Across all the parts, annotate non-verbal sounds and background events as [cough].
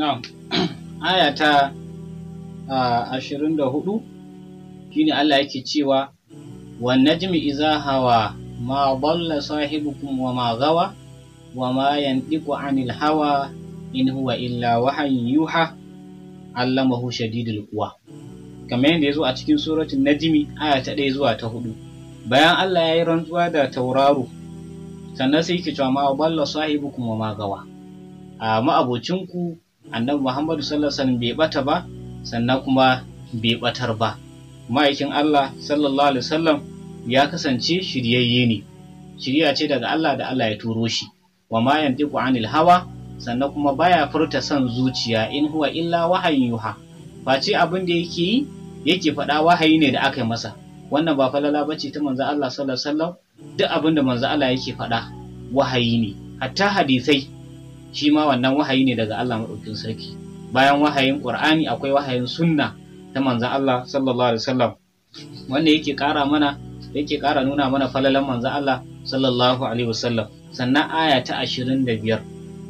[clears throat] Aya ta ashirin da hudu shine Allah yake cewa wan najmi iza hawa ma balla sahibukum wa ma gawa wa ma yantiqu anil hawa in huwa illa Allah yuha allamahu shadidul quwa kamar yadda ya zo a cikin suratul najmi aya ta ɗaya zuwa ta hudu bayan Allah ya yi rantsuwa da tauraro sannan sai yake cewa ma balla sahibukum wa ma gawa a ma'abocinku annabi muhammadu sallallahu alaihi bai bata ba sannan kuma bai batar ba ma'aikin allah sallallahu alaihi wasallam ya kasance shiryayye ne shirya ce daga allah da allah ya turo shi wa ma yantiqu anil hawa sannan kuma baya furta son zuciya in huwa illa wahayin yuha face abin da yake yi yake faɗa wahayi ne da aka yi masa wannan ba falala bace ta manzo Allah sallallahu alaihi wasallam duk abin da manzo Allah yake faɗa wahayi ne hatta hadisai shi ma wannan wahayi ne daga Allah maɗaukin sarki bayan wahayin Qur'ani akwai wahayin sunna ta manzon Allah sallallahu alaihi wasallam wanda yake ƙara mana yake ƙara nuna mana falalan manzon Allah sallallahu alaihi wasallam sannan aya ta 25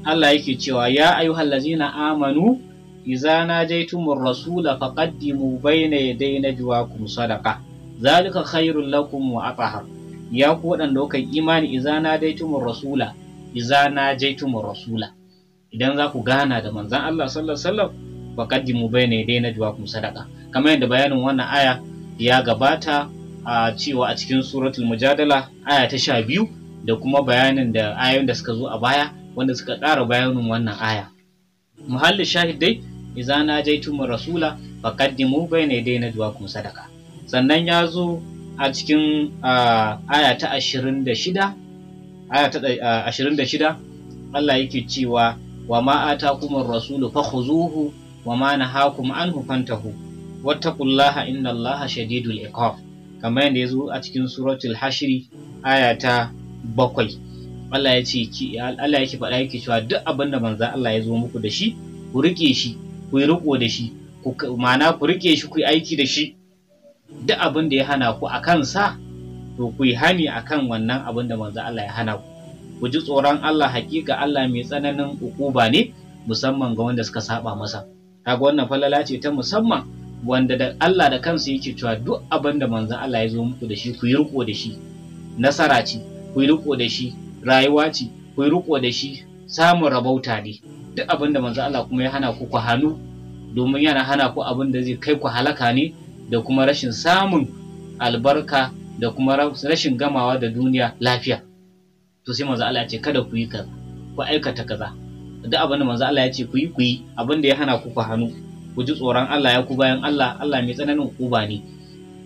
Allah yake cewa ya ayyuhallazina amanu idza najaytumur rasula faqaddimu bayna yaday najwaakum sadaqa zalika khairul lakum wa athhar ya ku waɗanda imani idza najaytumur rasula iza na mu rasula idan za ku gana da manzan Allah sallallahu alaihi wasallam dai bayna yaday najwaakum sadaqa kamar yadda bayanin wannan aya ya gabata a cewa a cikin suratul mujadala aya ta sha biyu da kuma bayanin da ayoyin da suka zo a baya wanda suka ƙara bayanin wannan aya muhallin shahidai iza na mu rasula dai bayna yaday najwaakum sadaqa sannan ya zo a cikin aya ta 26 aya ta 26 eh, Allah yake cewa wa ma kuma rasulu khuzuhu wa ma nahakum anhu fantahu wattaqullaha innallaha shadidul iqab kamar yadda yazo a cikin suratul hashri aya ta 7 Allah ya ce Allah yake faɗa yake cewa duk abinda manzo Allah ya zo muku da shi ku rike shi ku yi riko da shi ku ma'ana ku rike shi ku yi aiki da shi duk abin da ya hana ku a sa to ku yi hani akan wannan abin da manzo Allah ya hana ku ku ji tsoron Allah hakika Allah mai tsananin ukuba ne musamman ga wanda suka saba masa kaga wannan falala ce ta musamman wanda da Allah da kansa yake cewa duk abin da manzo Allah ya zo muku da shi ku yi riko da shi nasara ce ku yi riko da shi rayuwa ce ku yi riko da shi samun rabauta ne duk abin da manzo Allah kuma ya hana ku ku hannu domin yana hana ku abin da zai kai ku halaka ne da kuma rashin samun albarka da kuma rashin gamawa da duniya lafiya to sai manzo Allah ya ce kada ku yi kaza ku aikata kaza duk abinda da manzo Allah ya ce ku yi ku yi abin ya hana ku ku hannu ku ji tsoron Allah ya ku bayan Allah Allah mai tsananin hukuma ne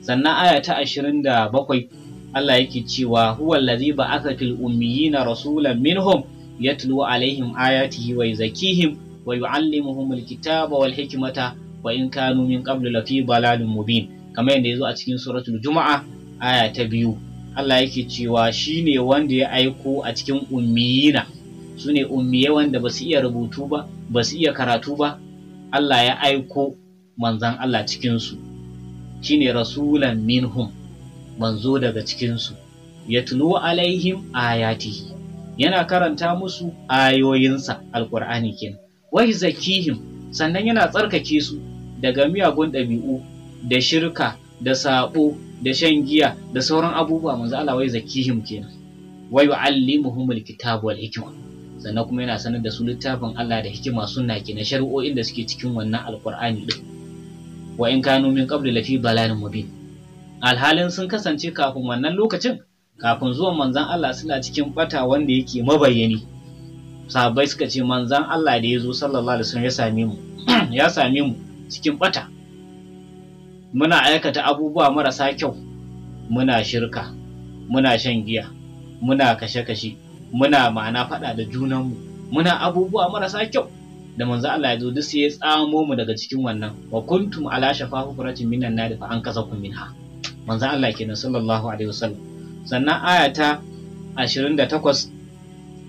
sannan aya ta 27 Allah yake cewa huwa ladhi ba'atha fil ummiyina rasulan minhum yatlu alaihim ayatihi wa yuzakkihim wa yu'allimuhum alkitaba wal hikmata wa in kanu min qablu lafi balalin mubin kamar yadda yazo a cikin suratul juma'a aya ta biyu Allah yake cewa shi ne wanda ya aiko a cikin ummiyina su ne ummiye wanda ba su iya rubutu ba ba su iya karatu ba Allah ya aiko manzan Allah cikinsu shi ne rasulan minhum manzo daga cikinsu ya tulu alaihim ayatihi yana karanta musu ayoyinsa alkur'ani kenan wai zakihim sannan yana tsarkake su daga miyagun ɗabi'u da shirka da sabo da shan giya da sauran abubuwa manzo Allah wai zakihim kenan wa yu'allimuhumul kitab wal hikma sannan kuma yana sanar da su littafin Allah da hikima sunna na shari'o'in da suke cikin wannan alqur'ani din wa in kanu min qabli lafi balalin mubin alhalin sun kasance kafin wannan lokacin kafin zuwan manzon Allah suna cikin bata wanda yake mabayyani sahabbai suka ce manzan Allah da ya zo sallallahu alaihi wasallam ya same mu [clears throat] ya same mu cikin bata muna aikata abubuwa marasa kyau muna shirka muna shan giya muna kashe-kashe muna ma'ana faɗa da junanmu muna abubuwa marasa kyau da manzo Allah ya zo duk sai ya tsamo mu daga cikin wannan wa kuntum ala shafa furatin minan nar fa an kasakum minha manzo Allah kenan sallallahu alaihi wasallam sannan aya ta 28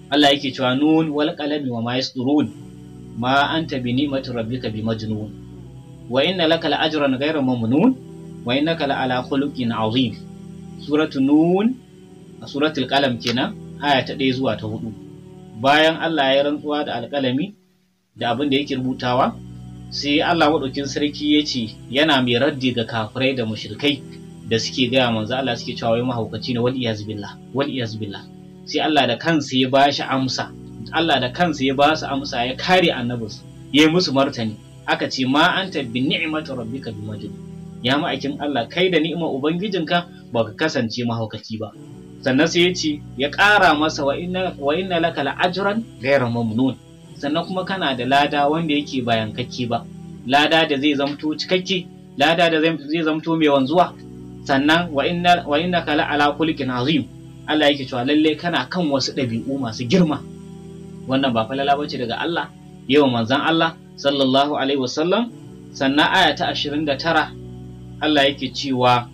Allah yake cewa nun wal qalami wa ma yasdurun ma anta bi ni'mati rabbika bi majnun wa inna laka gaira ghayra mamnun wa innaka la'ala khuluqin azim suratul nun a suratul qalam kenan aya ta 1 zuwa ta 4 bayan Allah ya rantsuwa da alƙalami da abin da yake rubutawa sai Allah maɗaukin sarki ya ce yana mai raddi ga kafirai da mushrikai da suke gaya manzo Allah suke cewa wai mahaukaci ne wal iyaz billah wal iyaz billah sai Allah da kansa ya shi amsa Allah da kansa ya ba su amsa ya kare annabinsa ya yi musu martani aka ce ma anta bi ni'mati rabbika bi majid ya ma'aikin Allah kai da ni'imar ubangijinka ba ka kasance mahaukaki ba sannan sai ya ce ya ƙara masa wa inna wa laka la'ajran ghayra mamnun sannan kuma kana da lada wanda yake bayan kake ba lada da zai zamto cikakke lada da zai zamto mai wanzuwa sannan wa inna wa inna kala ala kulkin azim Allah yake cewa lalle kana kan wasu ɗabi'u masu girma wannan ba falala bace daga Allah yawan manzon Allah sallallahu alaihi wasallam sannan aya ta 29 Allah yake cewa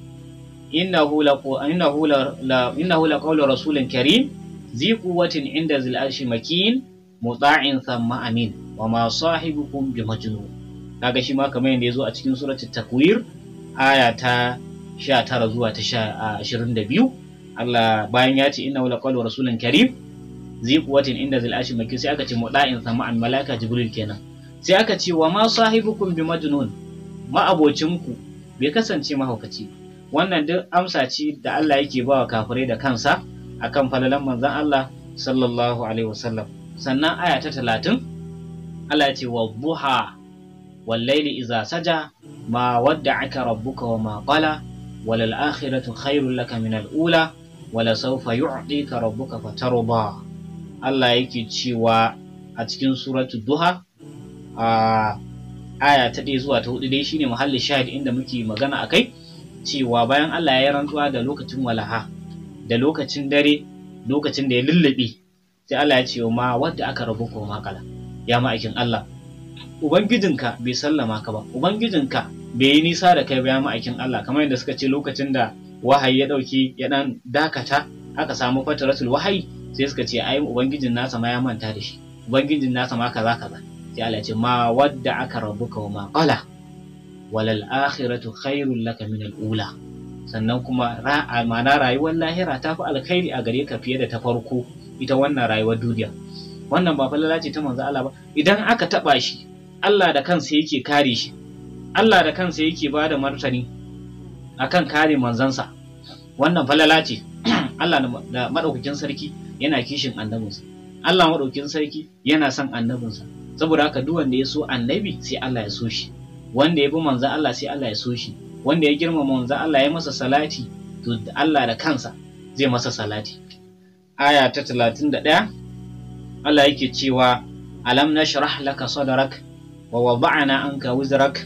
innahu la innahu la innahu la qawlu rasulin karim zi quwwatin inda zil arshi makin muta'in thumma amin wa ma sahibukum bi majnun kaga shi ma kamar yadda yazo a cikin suratul takwir aya ta 19 zuwa ta 22 Allah bayan ya ce innahu la qawlu rasulin karim zi quwwatin inda zil arshi makin sai aka ce muta'in thamma amin malaika jibril kenan sai aka ce wa ma sahibukum bi majnun ma'abocinku bai kasance mahaukaci wannan duk amsa ce da Allah yake ba wa kafirai da kansa akan falalan manzon Allah sallallahu alaihi wasallam sannan aya ta talatin Allah ya ce wa buha wal laili iza saja ma wadda'aka rabbuka wa ma qala wal akhiratu khairul laka min al ula wala sawfa yu'tika rabbuka fatarda Allah yake cewa a cikin suratu duha a aya ta ɗaya zuwa ta hudu dai shine muhalli shahid inda muke magana a kai cewa bayan Allah ya rantsuwa da lokacin walaha da lokacin dare lokacin da ya lullube sai Allah ya ce ma wadda aka rabu ko makala ya ma'aikin Allah ubangijinka bai sallama ka ba ubangijinka bai yi nisa da kai ba ya ma'aikin Allah kamar yadda suka ce lokacin da wahayi ya dauki ya dan dakata aka samu fataratul wahayi sai suka ce ai ubangijin nasa ma ya manta da shi ubangijin nasa ma kaza kaza sai Allah ce ma wadda aka rabu ka ma qala walal akhiratu khairul laka min al ula sannan kuma ra'a ma'ana rayuwar lahira ta fi alkhairi a gare ka fiye da ta farko ita wannan rayuwar duniya wannan ba falala ce ta manzo Allah ba idan aka taba shi Allah da kansa yake kare shi Allah da kansa yake ba da martani akan kare manzansa wannan falala ce [clears throat] Allah da madaukakin sarki yana kishin annabinsa Allah madaukakin sarki yana son annabinsa saboda haka duk wanda ya so annabi sai Allah ya so shi wanda ya bi manzo Allah sai Allah ya so shi wanda ya girma manzo Allah ya masa salati to Allah da kansa zai masa salati aya ta 31 Allah yake cewa alam nashrah laka sadrak wa wada'na anka wizrak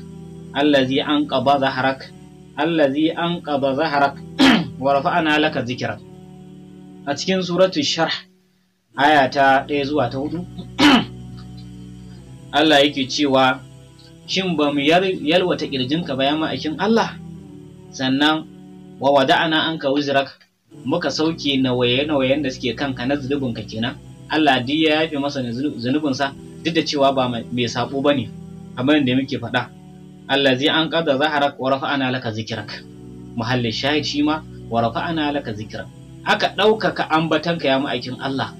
allazi anqadha dhahrak allazi anqadha dhahrak [clears throat] wa rafa'na laka dhikrak a cikin suratul sharh aya ta 1 zuwa ta 4 Allah yake cewa shin ba mu yalwata kirjinka ba ya ma'aikin Allah sannan wa wada'ana an ka wuzirak muka sauke nawaye-nawayen da suke kanka na zunubinka kenan Allah duk ya yafe masa zunubinsa duk da cewa ba mai sabo bane ne abin muke faɗa Allah zai an qada zaharak wa rafa'ana laka zikrak muhallin shahid shi ma wa rafa'ana laka zikrak aka ɗaukaka ambatanka ya ma'aikin Allah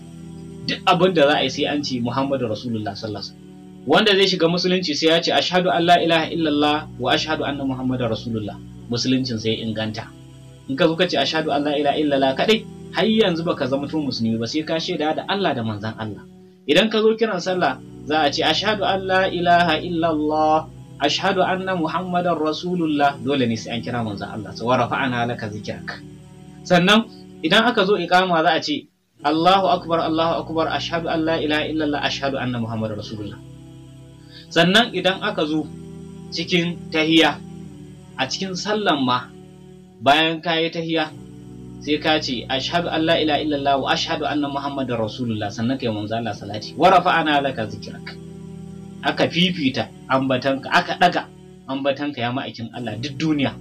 duk abin da za a yi sai an ce Muhammadu Rasulullah sallallahu alaihi wasallam wanda zai shiga musulunci sai ya ce ashhadu an la ilaha illallah wa ashhadu anna muhammadar rasulullah musuluncin sai inganta in ka zo ka ce ashhadu an la ilaha illallah kadai har yanzu baka zama tun musulmi ba sai ka shaida da Allah da manzon Allah idan ka zo kiran sallah za a ce ashhadu an la ilaha illallah ashhadu anna muhammadar rasulullah dole ne sai an kira manzon Allah sai na laka zikrak sannan idan aka zo iqama za a ce Allahu akbar Allahu akbar ashhadu an la ilaha illallah ashhadu anna muhammadar rasulullah sannan idan aka zo cikin tahiya a cikin sallan ma bayan ka tahiya sai ka ce ashhadu an la ilaha illallah wa ashhadu anna muhammadar rasulullah sannan kai manzo Allah salati wa rafa'ana laka zikrak aka fifita ambatanka aka daga ambatanka ya ma'aikin Allah duk duniya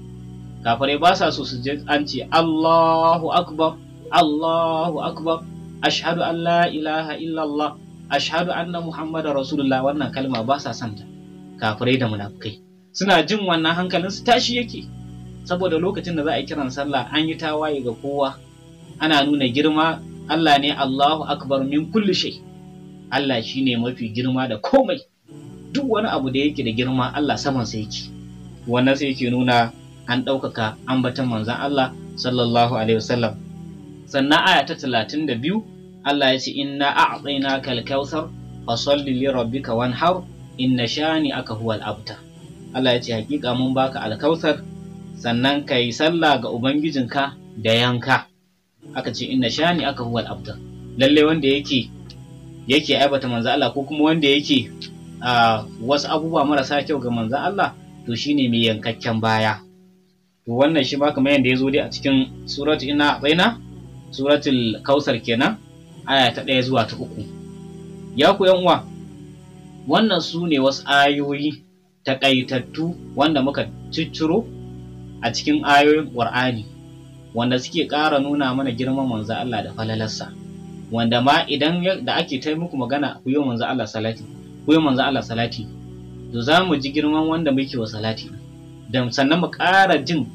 kafirai ba sa so su je an ce Allahu akbar Allahu akbar ashhadu an la ilaha ashhadu anna muhammadar rasulullah wannan kalma ba sa santa kafirai da munafukai suna jin wannan hankalin su tashi yake saboda lokacin da za a kiran sallah an yi tawaye ga kowa ana nuna girma Allah ne Allahu akbar min kulli shay Allah shine mafi girma da komai duk wani abu da yake da girma Allah saman sa yake wannan sai yake nuna an ɗaukaka ambaton manzan Allah sallallahu alaihi wasallam sannan aya ta talatin da biyu Allah ya ce inna a'tainaka kal kautsar salli li rabbika wanhar inna shani aka huwal abtar Allah ya ce hakika mun baka al-kautsar sannan kai sallah ga ubangijinka da yanka aka ce inna shani aka huwal abtar lalle wanda yake yake aibata manzo Allah ko kuma wanda yake wasu abubuwa marasa kyau ga manzo Allah to shine mai yankakken baya to wannan shi ba kamar yanda ya zo dai a cikin suratu inna baina suratul kausar kenan aya ta ɗaya zuwa ta uku ya ku uwa wannan su ne wasu ayoyi ƙaitattu wanda muka cicciro a cikin ayoyin ƙur'ani wanda suke ƙara nuna mana girman manzo Allah da falalarsa wanda ma idan da ake ta muku magana ku yi manzo Allah Allah salati to za mu ji girman wanda muke wa salati da sannan mu ƙara jin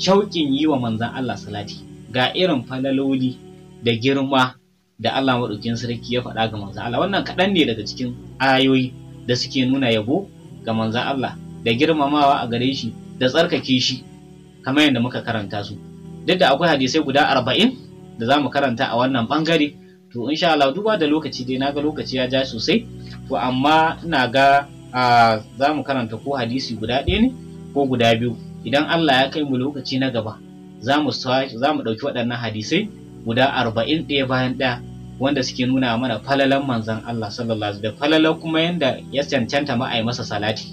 shauƙin yi wa manzan Allah salati ga irin falaloli da girma da Allah maɗaukin sarki ya faɗa ga manzan Allah wannan kaɗan ne daga cikin ayoyi da suke nuna yabo ga manzan Allah da girmamawa a gare shi da tsarkake shi kamar yadda muka karanta su duk da akwai hadisai guda arba'in da za mu karanta a wannan bangare to insha Allah duba da lokaci dai naga lokaci ya ja sosai to amma ina ga za mu karanta ko hadisi guda ɗaya ne ko guda biyu idan Allah ya kai mu lokaci na gaba za mu ɗauki waɗannan hadisai guda arba'in ɗaya bayan ɗaya wanda suke nuna mana falalan manzan Allah sallallahu da falalan kuma yanda ya cancanta ma masa salati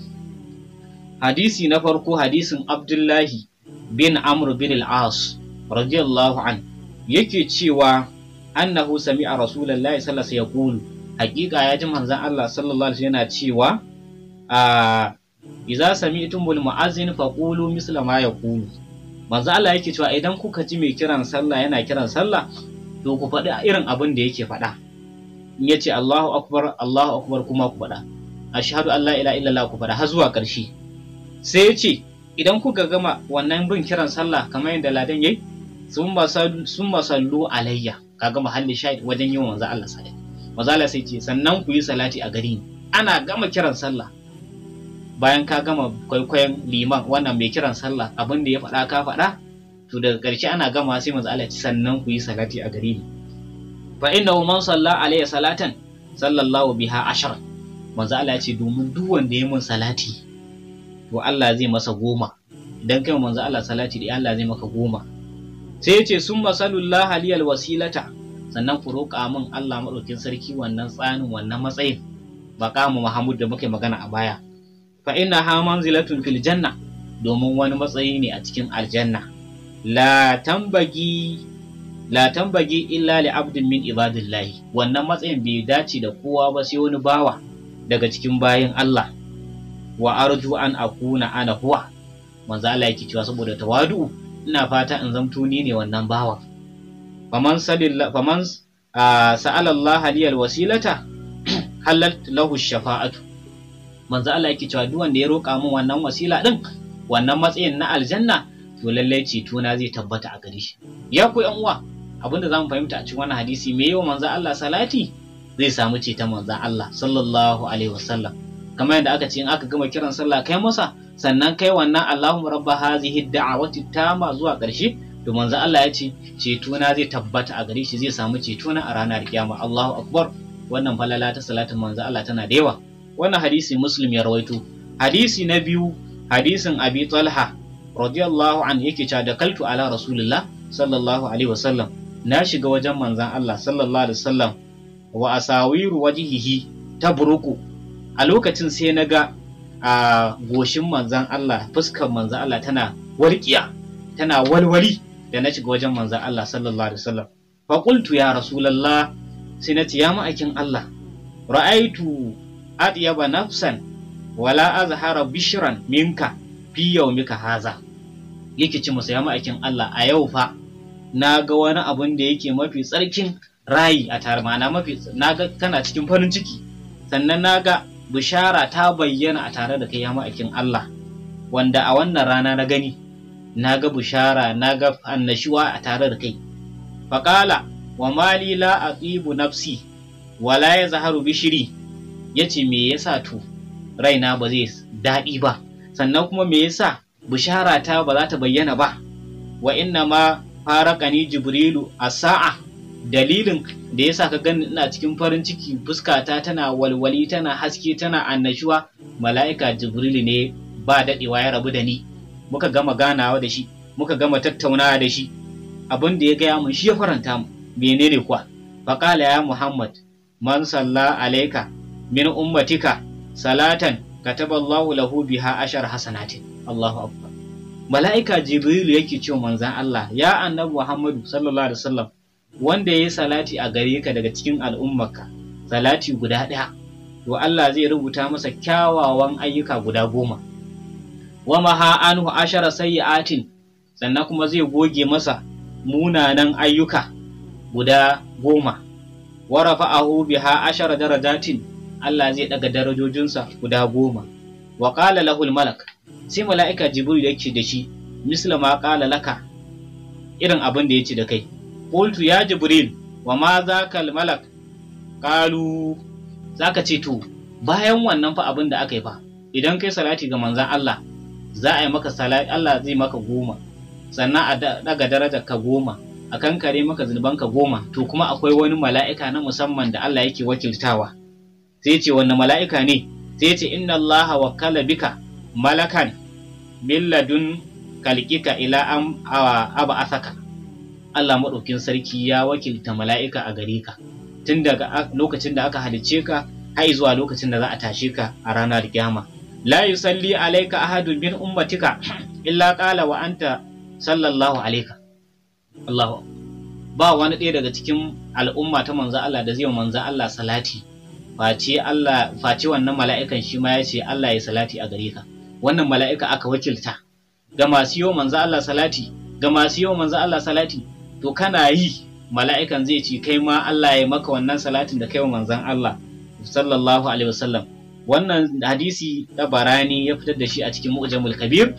hadisi na farko hadisin Abdullahi bin Amr bin al-As radiyallahu an yake cewa annahu sami'a rasulullahi sallallahu alaihi yaqulu haqiqa ya ji manzan Allah sallallahu alaihi yana cewa a idza bil mu'azzin faqulu misla ma yaqulu manzan Allah yake cewa idan kuka ji mai kiran sallah yana kiran sallah to ku faɗi irin abin da yake faɗa in ya ce Allahu akbar Allahu akbar kuma ku faɗa ashhadu an la ilaha illallah ku faɗa har zuwa ƙarshe sai ya ce idan kuka gama wannan bin kiran sallah kamar yadda ladan yayi sun ba sallu alayya kaga mahalli shahid wajen yin wanzu Allah sai maza Allah sai ce sannan ku yi salati a gari ana gama kiran sallah bayan ka gama kwaikwayon liman wannan mai kiran sallah abin da ya faɗa ka faɗa to daga karshe ana gama sai manzo Allah ya sannan ku yi salati a gare ni fa innahu man salla alayya salatan sallallahu biha ashar manzo Allah ya ce domin duk wanda ya mun salati to Allah zai masa goma idan kai manzo Allah salati da Allah zai maka goma sai ya ce sun masalullah haliyal wasilata sannan ku roƙa min Allah madaukin sarki wannan tsanin wannan matsayin ba kama da muke magana a baya fa inna ha manzilatun fil janna domin wani matsayi ne a cikin aljanna la tambagi la illa li abdin min ibadillahi wannan matsayin bai dace da kowa ba sai wani bawa daga cikin bayin Allah wa arju an akuna ana huwa manzo Allah yake cewa saboda tawadu ina fata in zamto ni ne wannan bawa faman salilla faman sa'ala Allah liyal wasilata [clears throat] halalt lahu shafa'atu manzo Allah yake cewa duk wanda ya roƙa min wannan wasila din wannan matsayin na aljanna to lallai ceto na zai tabbata a gare shi ya ku yan uwa abinda zamu fahimta a cikin wannan hadisi me yawa manzo Allah salati zai samu ceton manzo Allah sallallahu alaihi wasallam kamar yadda aka ce in aka gama kiran sallah kai masa sannan kai wannan Allahumma rabba hazihi da'awati tama zuwa ƙarshe to manzo Allah ya ce ceto na zai tabbata a gare shi zai samu ceto na a ranar kiyama Allahu akbar wannan falala ta salatin manzo Allah tana da yawa wannan hadisi muslim ya rawaito hadisi na biyu hadisin abi talha radiyallahu an yake cewa da kaltu ala rasulillah sallallahu alaihi wasallam na shiga wajen manzan Allah sallallahu alaihi wasallam wa asawiru wajihihi tabruku a lokacin sai na ga a goshin manzan Allah fuskar manzan Allah tana warkiya tana walwali da na shiga wajen manzan Allah sallallahu alaihi wasallam fa qultu ya rasulullah sai na ce ya ma'aikin Allah ra'aitu adiyaba nafsan wala azhara bishran minka fi yawmika haza yake ce masa ya ma'aikin Allah a yau fa na ga wani abun da yake mafi tsarkin rayi a tare na mafi na ga kana cikin farin ciki sannan na ga bishara ta bayyana a tare da kai ya ma'aikin Allah wanda a wannan rana na gani na ga bishara na ga annashuwa a tare da kai faƙala wa mali la aqibu nafsi wala ya zaharu bishiri ya ce me yasa to raina ba zai daɗi ba sannan kuma me yasa bishara ta ba za ta bayyana ba wa inna ma farakani jibrilu a sa'a dalilin da yasa ka gani ina cikin farin ciki fuskata tana walwali tana haske tana annashuwa mala'ika jibrilu ne ba daɗewa ya rabu da ni muka gama ganawa da shi muka gama tattaunawa da shi abin da ya gaya mun shi ya faranta mu menene kuwa faƙala ya muhammad man salla alaika min ummatika salatan kataballahu lahu biha ashar hasanatin Allahu akbar mala'ika jibril yake ce manzan Allah ya annabi Muhammadu sallallahu alaihi wasallam wanda yayi salati a gare ka daga cikin al'ummarka salati guda ɗaya to Allah zai rubuta masa kyawawan ayyuka guda goma wa maha anhu ashara sayyi'atin sannan kuma zai goge masa munanan ayyuka guda goma wa rafa'ahu biha ashara darajatin Allah zai daga darajojinsa guda goma wa ƙala lahul malak sai mala'ika jibril yake da shi misla ma ƙala laka irin abin da ya ce da kai qultu ya jibril wa ma za al malak za ka ce to bayan wannan fa abin da aka yi fa idan kai salati ga manzan Allah za a yi maka salati Allah zai maka goma sannan a daga darajar ka goma a kankare maka zunuban ka goma to kuma akwai wani mala'ika na musamman da Allah yake wakiltawa sai ce wanne mala'ika ne sai ce inna wa wakala bika malakan milladun kalkika ila an aba asaka Allah maɗaukin sarki ya wakilta mala'ika a gare ka tun daga lokacin da aka halicce ka har zuwa lokacin da za a tashe ka a ranar kiyama la yusalli alayka ahadu min ummatika illa qala wa anta sallallahu alayka Allahu ba wani ɗaya daga cikin al'umma ta manzo Allah da zai Manza Allah salati face Allah face wannan mala'ikan shi ma ya ce Allah ya salati a gare ka wannan mala'ika aka wakilta ga masu yau manzo Allah salati ga masu yau manzo Allah salati to kana yi mala'ikan zai ce kai ma Allah ya maka wannan salatin da kai wa manzon Allah sallallahu alaihi wasallam wannan hadisi da barani ya fitar da shi a cikin mu'jamul kabir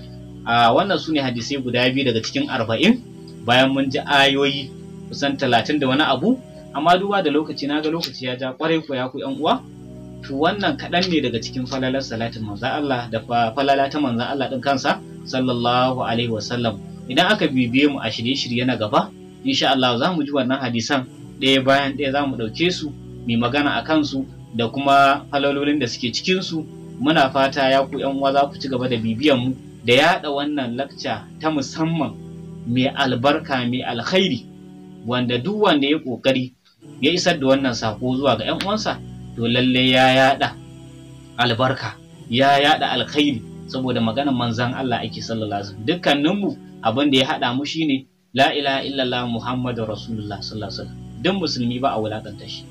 a wannan sune hadisai guda biyu daga cikin arba'in bayan mun ji ayoyi kusan talatin da wani abu amma duba da lokaci na ga lokaci ya ja kwarai ko ya ku yan uwa to wannan kaɗan ne daga cikin falalar salatin manzo Allah da falala ta manzo Allah ɗin kansa sallallahu alaihi wasallam idan aka bibiye mu a shirye-shirye na gaba insha Allah za mu ji wannan hadisan ɗaya bayan ɗaya za mu ɗauke su mai magana a kansu da kuma falalolin da suke cikin su muna fata ya ku yan uwa za ku ci gaba da bibiyan mu da yaɗa wannan lakca ta musamman mai albarka mai alkhairi wanda duk wanda ya ƙoƙari ya isar da wannan sako zuwa ga 'yan uwansa to lalle ya yada albarka ya yada alkhairi saboda maganar manzan Allah ake sallallahu alaihi dukkaninmu abin da ya hada mu shine la ilaha illallah muhammadu rasulullah sallallahu alaihi wasallam duk musulmi ba a wulakanta shi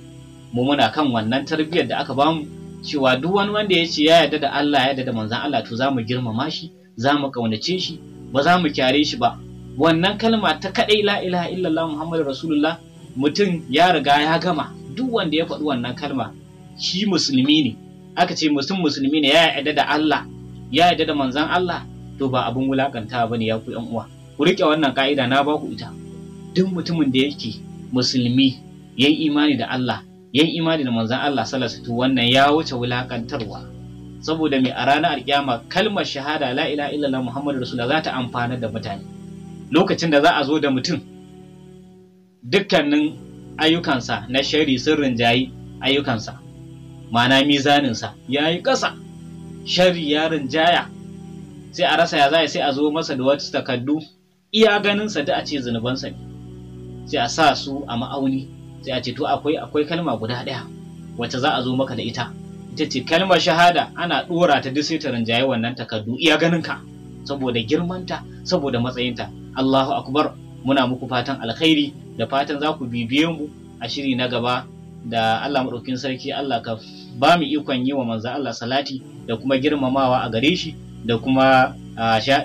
mu muna kan wannan tarbiyyar da aka bamu cewa duk wani wanda ya ce ya yarda da Allah ya yarda da manzan Allah to zamu girmama shi zamu kaunace shi ba za mu kyare shi ba wannan kalma ta kadai la ilaha illallah muhammadu rasulullah mutum ya riga ya gama duk wanda ya faɗi wannan kalma shi musulmi ne aka ce mutum musulmi ne ya yarda da Allah ya yarda da manzan Allah to ba abin wulakanta bane ya ku yan uwa ku rike wannan ka'ida na ba ku ita duk mutumin da yake musulmi yan imani da Allah yan imani da manzon Allah sallallahu alaihi wannan ya wuce wulakantarwa saboda mai a ranar alkiyama kalmar shahada la ilaha illallah muhammadu rasulullah za ta amfana da mutane lokacin da za a zo da mutum dukkanin ayyukansa na shari sun rinjayi ayyukansa mana mizaninsa ya yi ƙasa shari ya rinjaya sai a rasa ya zai sai a zo masa da wata takardu iya ganinsa da a ce zunubansa ne sai a sa su a ma'auni sai a ce to akwai akwai kalma guda ɗaya wacce za a zo maka da ita ita ce kalmar shahada ana ɗora ta duk sai ta rinjaye wannan takardu iya ganinka saboda girmanta saboda matsayinta Allahu akbar muna muku fatan alkhairi da fatan za ku bibiye mu a shiri na gaba da Allah maɗaukin sarki Allah ka ba mu ikon yi wa manzo Allah salati da kuma girmamawa a gare shi da kuma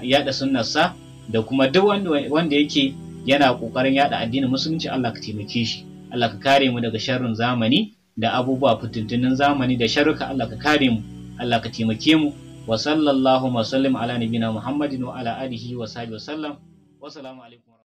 yada sunnarsa da kuma duk wanda yake yana kokarin yada addinin musulunci Allah ka taimake shi Allah ka kare mu daga sharrin zamani da abubuwa fitintunin zamani da sharuka. Allah ka kare mu Allah ka taimake mu wa sallallahu wa sallim ala nabiyina Muhammadin wa ala alihi wa sahbihi wa sallam wa salamu alaikum